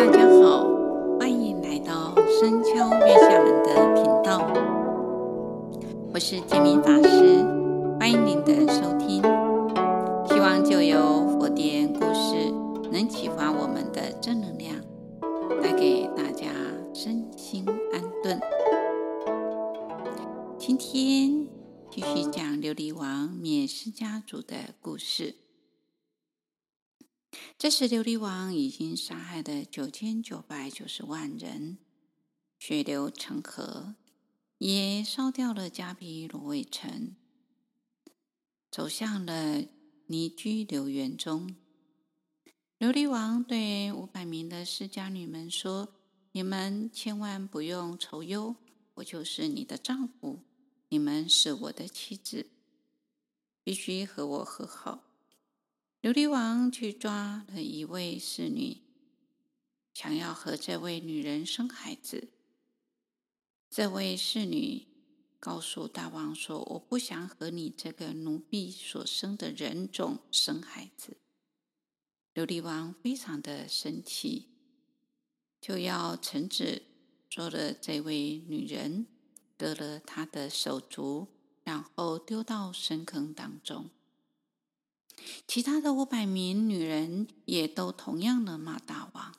大家好，歡迎來到深秋月下門的頻道，我是建明法師，歡迎您的收聽。希望藉由佛典故事能啟發我們的正能量，帶給大家身心安頓。今天繼續講琉璃王滅釋迦族的故事。這時，琉璃王已經殺害了九千九百九十萬人，血流成河，也燒掉了迦毗羅衛城，走向了尼拘留園中。琉璃王對五百名的釋迦女們說：“你們千萬不用愁憂，我就是你的丈夫，你們是我的妻子，必須和我和好。”琉璃王去抓了一位釋女，想要和這位女人生孩子。這位釋女告訴大王說：“我不想和你這個奴婢所生的人種生孩子。”琉璃王非常的生氣，就要臣子捉了這位女人，割了她的手足，然後丟到深坑當中。其他的五百名女人也都同樣的罵大王，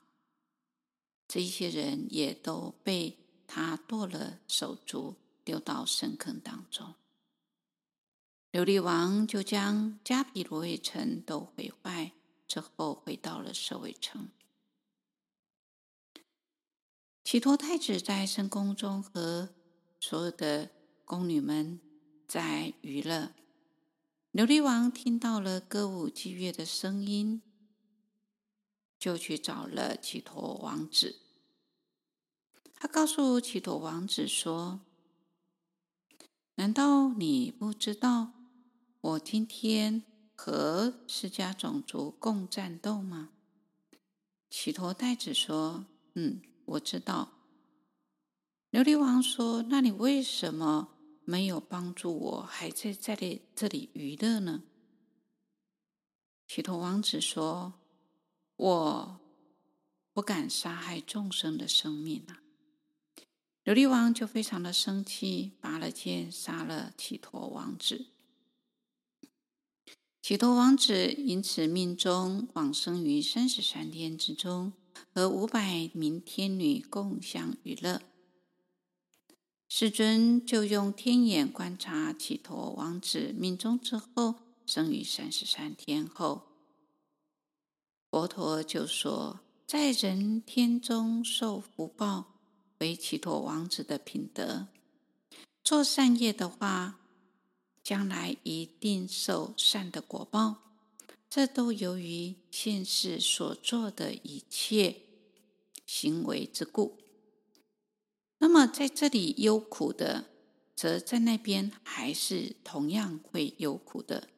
這些人也都被他剁了手足，丟到深坑當中。琉璃王就將迦毗羅衛城都毀壞之後，回到了舍衛城。祇陀太子在深宮中和所有的宮女們在娛樂。琉璃王聽到了歌舞伎樂的聲音，就去找了祇陀王子。他告訴祇陀王子說：“難道你不知道我今天和釋迦種族共戰鬥嗎？”祇陀太子說：“嗯，我知道。”琉璃王說：“那你為什麼？”沒有幫助我，還在在這這裡娛樂呢。祇陀王子說：“我不敢殺害眾生的生命啊！”琉璃王就非常的生氣，拔了劍殺了祇陀王子。祇陀王子因此命終往生於三十三天之中，和五百名天女共相娛樂。世尊就用天眼觀察，祇陀王子命終之後，生於三十三天後。佛陀就說，在人天中受福報，為祇陀王子的品德。做善業的話，將來一定受善的果報。這都由於現世所做的一切行為之故。那麼，在這裡憂苦的，則在那邊還是同樣會憂苦的。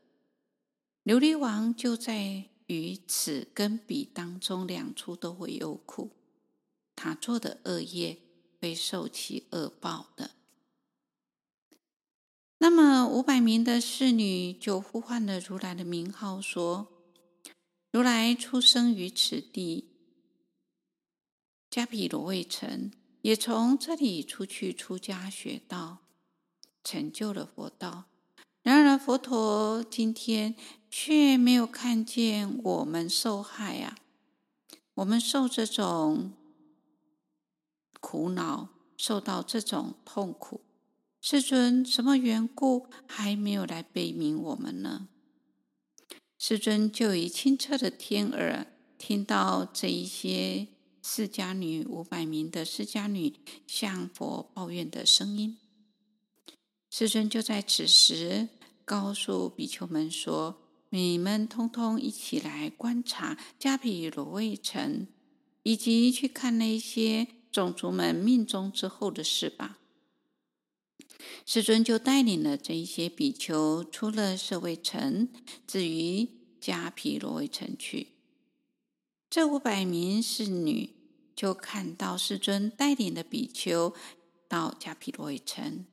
琉璃王就在於此跟彼當中兩處都會憂苦，他做的惡業會受其惡報的。那麼五百名的釋女就呼喚了如來的名號，說：“如來出生於此地迦毗羅衛城。”也從這裡出去出家學道，成就了佛道。然而佛陀今天卻沒有看見我們受害啊！我們受這種苦惱，受到這種痛苦，世尊什麼緣故還沒有來悲憫我們呢？世尊就以清澈的天耳聽到這一些。釋迦女五百名的釋迦女向佛抱怨的聲音，世尊就在此時告訴比丘們說：“你們通通一起來觀察迦毗羅衛城，以及去看那些種族們命終之後的事吧。”世尊就帶領了這一些比丘出了舍衛城，至於迦毗羅衛城去。這五百名侍女就看到世尊帶領的比丘到迦毗羅衛城，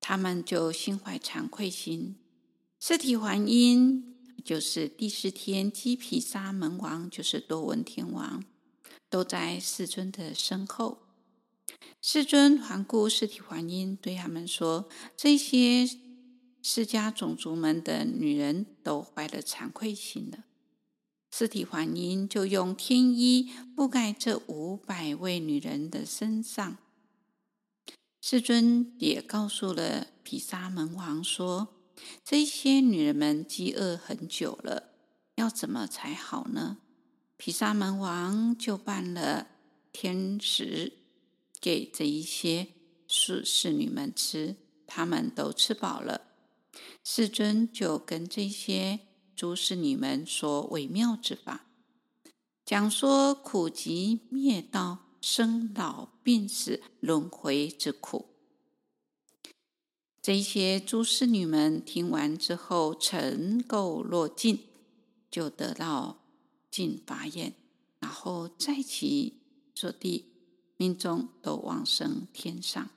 他們就心懷慚愧心。釋提桓因就是帝釋天，毗沙門王，就是多聞天王，都在世尊的身後。世尊環顧釋提桓因，對他們說：“這些釋迦種族們的女人都懷了慚愧心了。”釋提桓因，就用天衣覆蓋這五百位女人的身上。世尊也告訴了毗沙門王說：“這些女人們飢餓很久了，要怎麼才好呢？”毗沙門王就辦了天食給這一些釋釋女們吃，她們都吃飽了。世尊就跟這些。諸釋女們說微妙之法，講說苦集滅道、生老病死、輪迴之苦。這一些諸釋女們聽完之後，塵垢落盡，就得到淨法眼，然後在其坐地、命終都往生天上。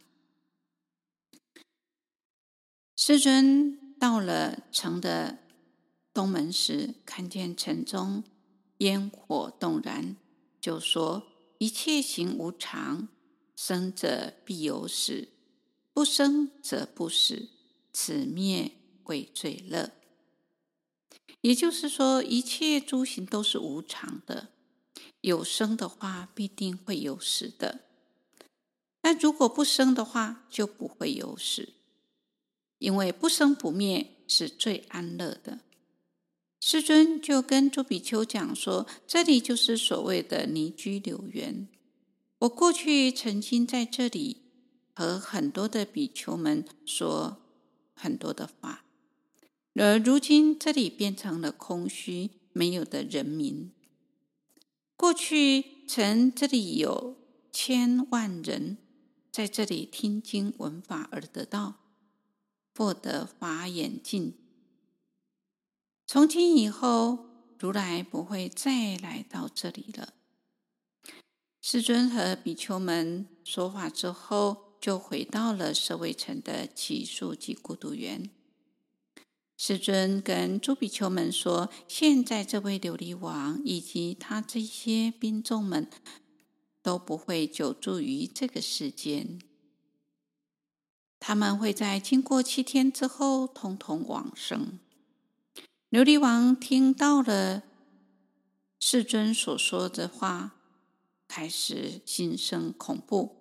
世尊到了城的。東門時看見城中煙火洞然，就說：“一切行無常，生者必有死；不生則不死，此滅為最樂。”也就是說，一切諸行都是無常的。有生的話，必定會有死的；但如果不生的話，就不會有死。因為不生不滅是最安樂的。世尊就跟諸比丘講說：“這裡就是所謂的尼拘留園。我過去曾經在這裡和很多的比丘們說很多的法，而如今這裡變成了空虛沒有的人民。過去曾這裡有千萬人在這裡聽經聞法而得道，獲得法眼淨。”從今以後，如來不會再來到這裡了。世尊和比丘們說話之後，就回到了舍衛城的祇樹及孤獨園。世尊跟諸比丘們說：“現在這位琉璃王以及他這些兵眾們都不會久住於這個世間，他們會在經過七天之後，統統往生。”琉璃王聽到了世尊所說的話，開始心生恐怖，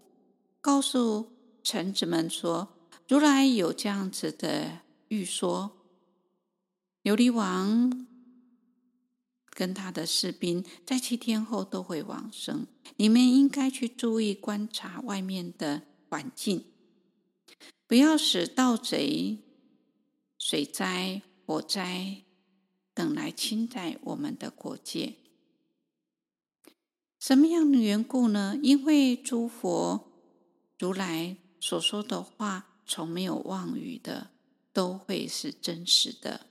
告訴臣子們說：“如來有這樣子的預說，琉璃王跟他的士兵在七天後都會往生，你們應該去注意觀察外面的環境，不要使盜賊、水災、火災。”等來侵在我們的國界，什麼樣的緣故呢？因為諸佛如來所說的話，從沒有妄語的，都會是真實的。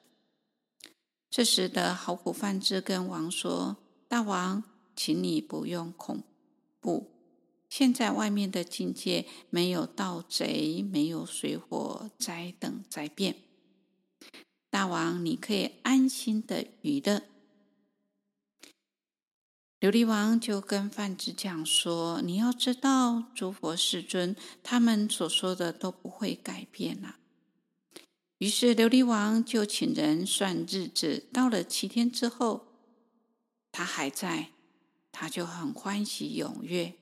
這時的好苦梵志跟王說：“大王，請你不用恐怖。現在外面的境界沒有盜賊，沒有水火災等災變。”大王，你可以安心的娛樂。琉璃王就跟梵志講說：“你要知道，諸佛世尊他們所說的都不會改變了。”於是琉璃王就請人算日子，到了七天之後，他還在，他就很歡喜踴躍，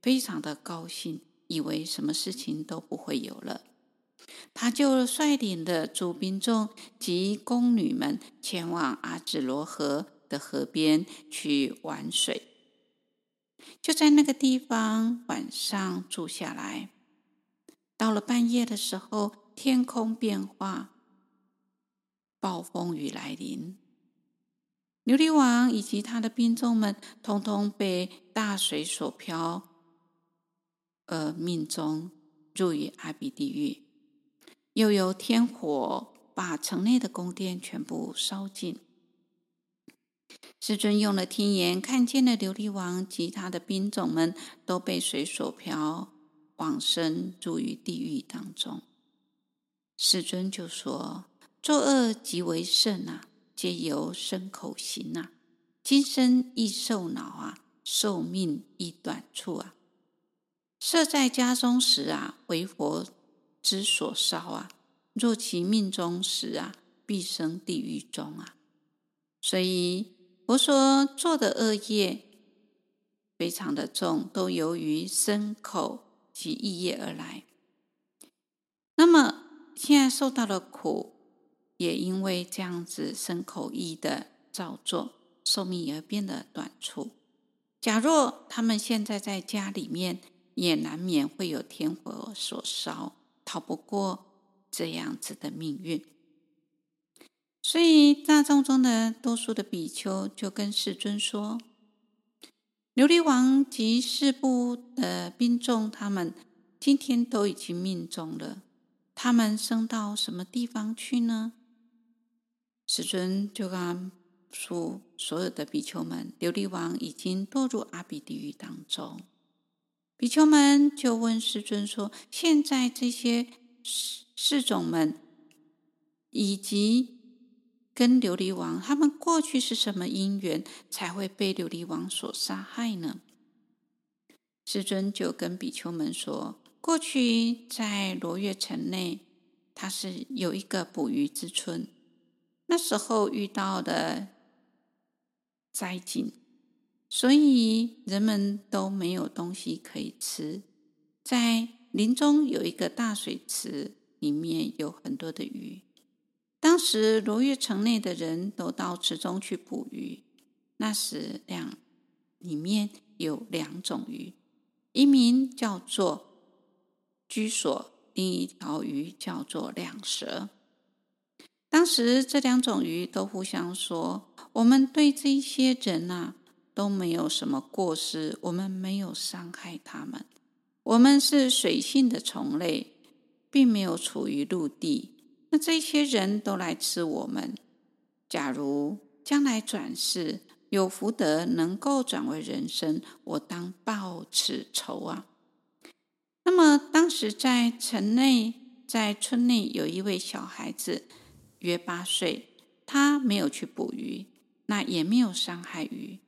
非常的高興，以為什麼事情都不會有了。他就率領的諸兵眾及宮女們前往阿脂羅河的河邊去玩水，就在那個地方晚上住下來。到了半夜的時候，天空變化，暴風雨來臨，琉璃王以及他的兵眾們，通通被大水所漂，而命終入於阿鼻地獄。又由天火把城內的宮殿全部燒盡。世尊用了天眼，看見了琉璃王及他的兵眾們都被水所漂，往生住於地獄當中。世尊就說：“作惡極為甚啊，皆由身口行啊。今生亦受惱啊，壽命亦短促啊。設在家中時啊，為佛。”之所燒啊！若其命中時啊，必生地獄中啊。所以我所做的惡業非常的重，都由於身口及意業而來。那麼現在受到的苦，也因為這樣子身口意的造作，壽命而變得短促。假若他們現在在家裡面，也難免會有天火所燒。逃不過這樣子的命運，所以大眾中的多數的比丘就跟世尊說：“琉璃王及四部的兵眾，他們今天都已經命終了，他們生到什麼地方去呢？”世尊就告訴所有的比丘們：“琉璃王已經墮入阿鼻地獄當中。”比丘們就問世尊說：“現在這些釋種們，以及跟琉璃王，他們過去是什麼因緣才會被琉璃王所殺害呢？”世尊就跟比丘們說：“過去在羅閱城內，他是有一個捕魚之村，那時候遇到的災儉。”所以人們都沒有東西可以吃。在林中有一個大水池，裡面有很多的魚。當時羅閱城內的人都到池中去捕魚。那時兩裡面有兩種魚，一名叫做居所，另一條魚叫做兩舌。當時這兩種魚都互相說：“我們對這些人啊。”都沒有什麼過失，我們沒有傷害他們。我們是水性的蟲類，並沒有處於陸地。那這些人都來吃我們。假如將來轉世有福德，能夠轉為人身，我當報此仇啊！那麼當時在城內，在村內有一位小孩子，約八歲，他沒有去捕魚，那也沒有傷害魚。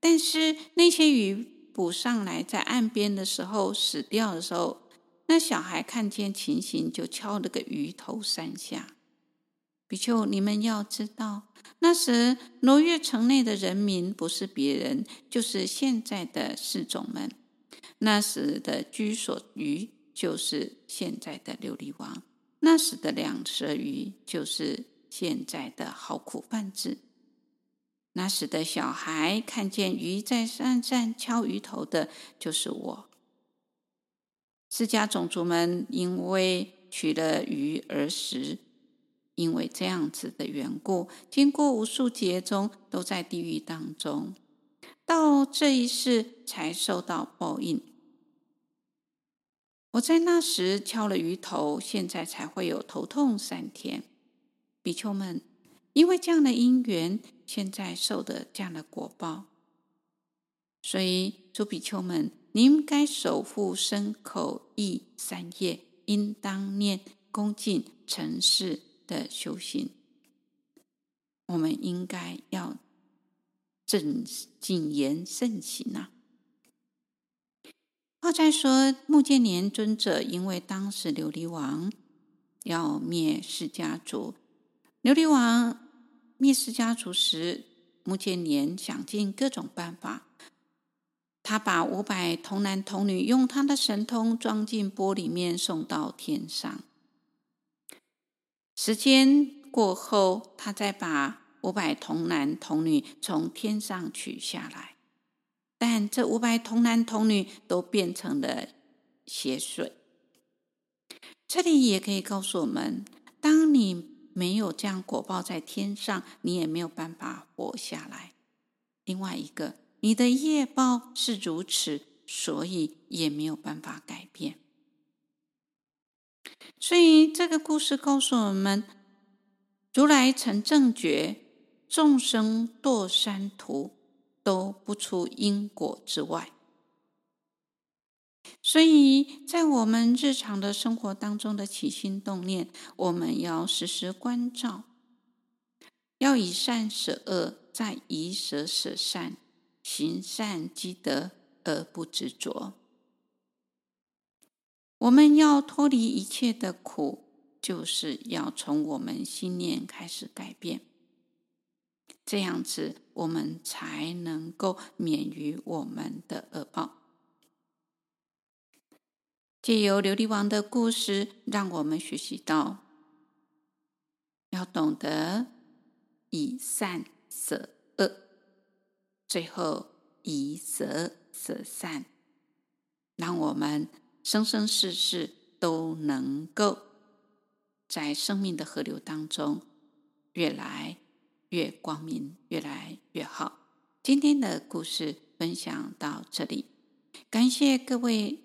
但是那些魚捕上來，在岸邊的時候死掉的時候，那小孩看見情形，就敲了個魚頭三下。比丘，你們要知道，那時羅閱城內的人民不是別人，就是現在的釋種們，那時的居所魚，就是現在的琉璃王；那時的兩舌魚，就是現在的好苦梵志。那時的小孩看見魚在山上敲魚頭的，就是我。釋迦種族們因為取了魚而食，因為這樣子的緣故，經過無數劫中都在地獄當中，到這一世才受到報應。我在那時敲了魚頭，現在才會有頭痛三天。比丘們。因為這樣的因緣，現在受的這樣的果報，所以諸比丘們，您應該守護身、口、意三業，應當念恭敬、誠實的修行。我們應該要正謹言慎行啊！後再在說，目犍連尊者，因為當時琉璃王要滅釋迦族。琉璃王滅釋迦族時，目犍連想盡各種辦法。他把五百童男童女用他的神通裝進玻璃面，送到天上。時間過後，他再把五百童男童女從天上取下來，但這五百童男童女都變成了血水。這裡也可以告訴我們：當你。沒有這樣果報，在天上，你也沒有辦法活下來。另外一個，你的業報是如此，所以也沒有辦法改變。所以這個故事告訴我們：如來成正覺，眾生墮三途，都不出因果之外。所以在我們日常的生活當中的起心動念，我們要時時觀照，要以善捨惡，再以捨捨善，行善積德而不執着。我們要脫離一切的苦，就是要從我們心念開始改變，這樣子我們才能夠免於我們的惡報。借由琉璃王的故事，讓我們學習到要懂得以善捨惡，最後以捨舍善，讓我們生生世世都能夠在生命的河流當中越來越光明，越來越好。今天的故事分享到這裡，感謝各位，